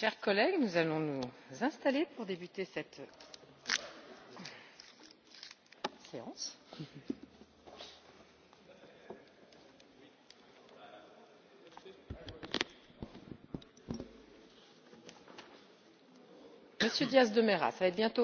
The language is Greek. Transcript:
chers collègues nous allons nous installer pour débuter cette séance. monsieur diaz de mera ça va être bientôt votre tour.